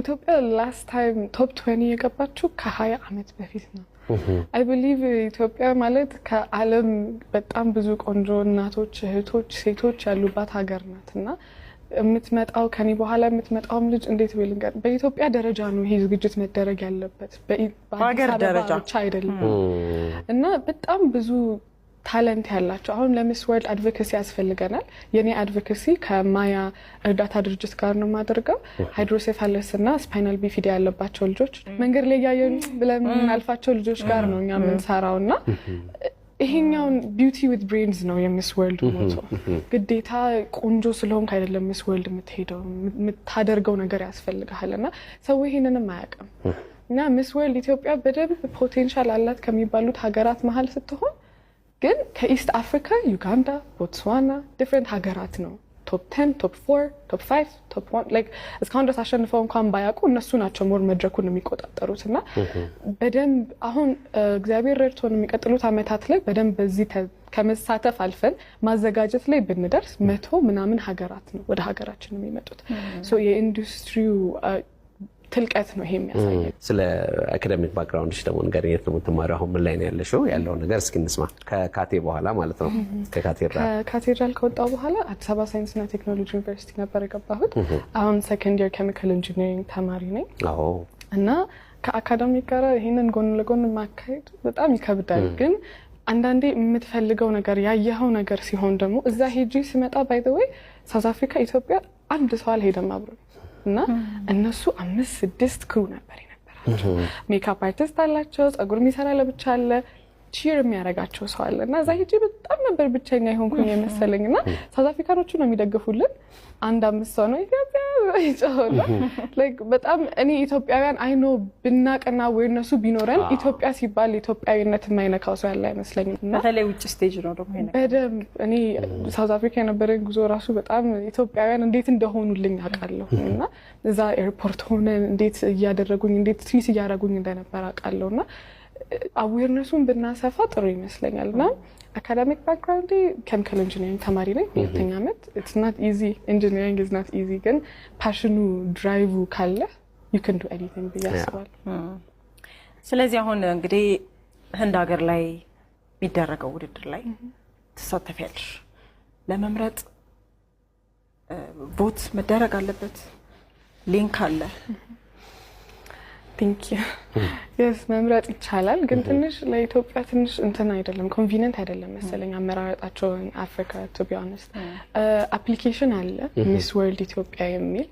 ኢትዮጵያ ላስት ታይም ቶፕ የገባችው ከሀያ አመት በፊት ነው። አይ ብሊቭ ኢትዮጵያ ማለት ከዓለም በጣም ብዙ ቆንጆ እናቶች፣ እህቶች፣ ሴቶች ያሉባት ሀገር ናት እና የምትመጣው ከኔ በኋላ የምትመጣውም ልጅ እንዴት ብል በኢትዮጵያ ደረጃ ነው ይሄ ዝግጅት መደረግ ያለበት በአዲስ ደረጃ ብቻ አይደለም እና በጣም ብዙ ታለንት ያላቸው አሁን ለሚስ ወርልድ አድቮኬሲ ያስፈልገናል። የኔ አድቮኬሲ ከማያ እርዳታ ድርጅት ጋር ነው የማደርገው። ሃይድሮሴፋለስ እና ስፓይናል ቢፊዲ ያለባቸው ልጆች መንገድ ላይ እያየን ብለን የምናልፋቸው ልጆች ጋር ነው እኛ የምንሰራው እና ይሄኛውን ቢቲ ዊዝ ብሬንዝ ነው የሚስ ወርልድ ሞቶ። ግዴታ ቆንጆ ስለሆንክ አይደለም ሚስ ወርልድ የምትሄደው፣ የምታደርገው ነገር ያስፈልግሃል እና ሰው ይሄንንም አያውቅም እና ሚስ ወርልድ ኢትዮጵያ በደንብ ፖቴንሻል አላት ከሚባሉት ሀገራት መሀል ስትሆን ግን ከኢስት አፍሪካ ዩጋንዳ፣ ቦትስዋና ዲፍረንት ሀገራት ነው ቶፕ ቴን ቶፕ ፎር ቶፕ ፋይቭ ቶፕ ዋን ላይክ እስካሁን ድረስ አሸንፈው እንኳን ባያውቁ እነሱ ናቸው ሞር መድረኩን የሚቆጣጠሩት እና በደንብ አሁን እግዚአብሔር ረድቶን የሚቀጥሉት አመታት ላይ በደንብ በዚህ ከመሳተፍ አልፈን ማዘጋጀት ላይ ብንደርስ መቶ ምናምን ሀገራት ነው ወደ ሀገራችን የሚመጡት የኢንዱስትሪው ጥልቀት ነው ይሄ የሚያሳየው። ስለ አካደሚክ ባክግራውንድ ደግሞ ነገር የት ነው የምትማሪው? አሁን ምን ላይ ነው ያለሽው? ያለው ነገር እስኪ እንስማ። ከካቴ በኋላ ማለት ነው። ከካቴድራል ከካቴድራል ከወጣው በኋላ አዲስ አበባ ሳይንስና ቴክኖሎጂ ዩኒቨርሲቲ ነበር የገባሁት። አሁን ሰከንድ የር ኬሚካል ኢንጂኒሪንግ ተማሪ ነኝ እና ከአካዳሚክ ጋር ይህንን ጎን ለጎን ማካሄድ በጣም ይከብዳል ግን አንዳንዴ የምትፈልገው ነገር ያየኸው ነገር ሲሆን ደግሞ እዛ ሄጂ ስመጣ ባይ ዘ ወይ ሳውዝ አፍሪካ ኢትዮጵያ አንድ ሰው አልሄደም አብሮኝ እና እነሱ አምስት ስድስት ክሩ ነበር የነበራቸው። ሜካፕ አርቲስት አላቸው፣ ጸጉር የሚሰራ ለብቻ አለ፣ ቺር የሚያደርጋቸው ሰው አለ እና እዛ ሄጄ በጣም ነበር ብቸኛ የሆንኩኝ የመሰለኝ እና ሳውዝ አፍሪካኖቹ ነው የሚደግፉልን። አንድ አምስት ሰው ነው ይጫውና ላይክ በጣም እኔ ኢትዮጵያውያን አይኖ ብናቅና ወይ ቢኖረን ኢትዮጵያ ሲባል ኢትዮጵያዊነት የማይነካው ሰው ያለ አይመስለኝም። በተለይ ውጭ ስቴጅ ነው ደግሞ በደምብ እኔ ሳውዝ አፍሪካ የነበረኝ ጉዞ ራሱ በጣም ኢትዮጵያውያን እንዴት እንደሆኑልኝ አውቃለሁ። እና እዛ ኤርፖርት ሆነን እንዴት እያደረጉኝ እንዴት ትሪት እያደረጉኝ እንደነበር አውቃለሁ እና አዌርነሱን ብናሰፋ ጥሩ ይመስለኛል እና አካዳሚክ ባክግራውንድ ኬሚካል ኢንጂኒሪንግ ተማሪ ነኝ፣ ሁለተኛ ዓመት። ኢትስ ናት ኢዚ ኢንጂኒሪንግ ኢዝ ናት ኢዚ፣ ግን ፓሽኑ ድራይቭ ካለ ዩ ካን ዱ ኤኒቲንግ ብዬ አስባለሁ። ስለዚህ አሁን እንግዲህ ህንድ ሀገር ላይ የሚደረገው ውድድር ላይ ትሳተፊያለሽ። ለመምረጥ ቮት መደረግ አለበት፣ ሊንክ አለ ቲንክ የስ መምረጥ ይቻላል፣ ግን ትንሽ ለኢትዮጵያ ትንሽ እንትን አይደለም ኮንቪነንት አይደለም መሰለኝ አመራረጣቸውን። አፍሪካ ቱ ቢ ኦነስት አፕሊኬሽን አለ ሚስ ወርልድ ኢትዮጵያ የሚል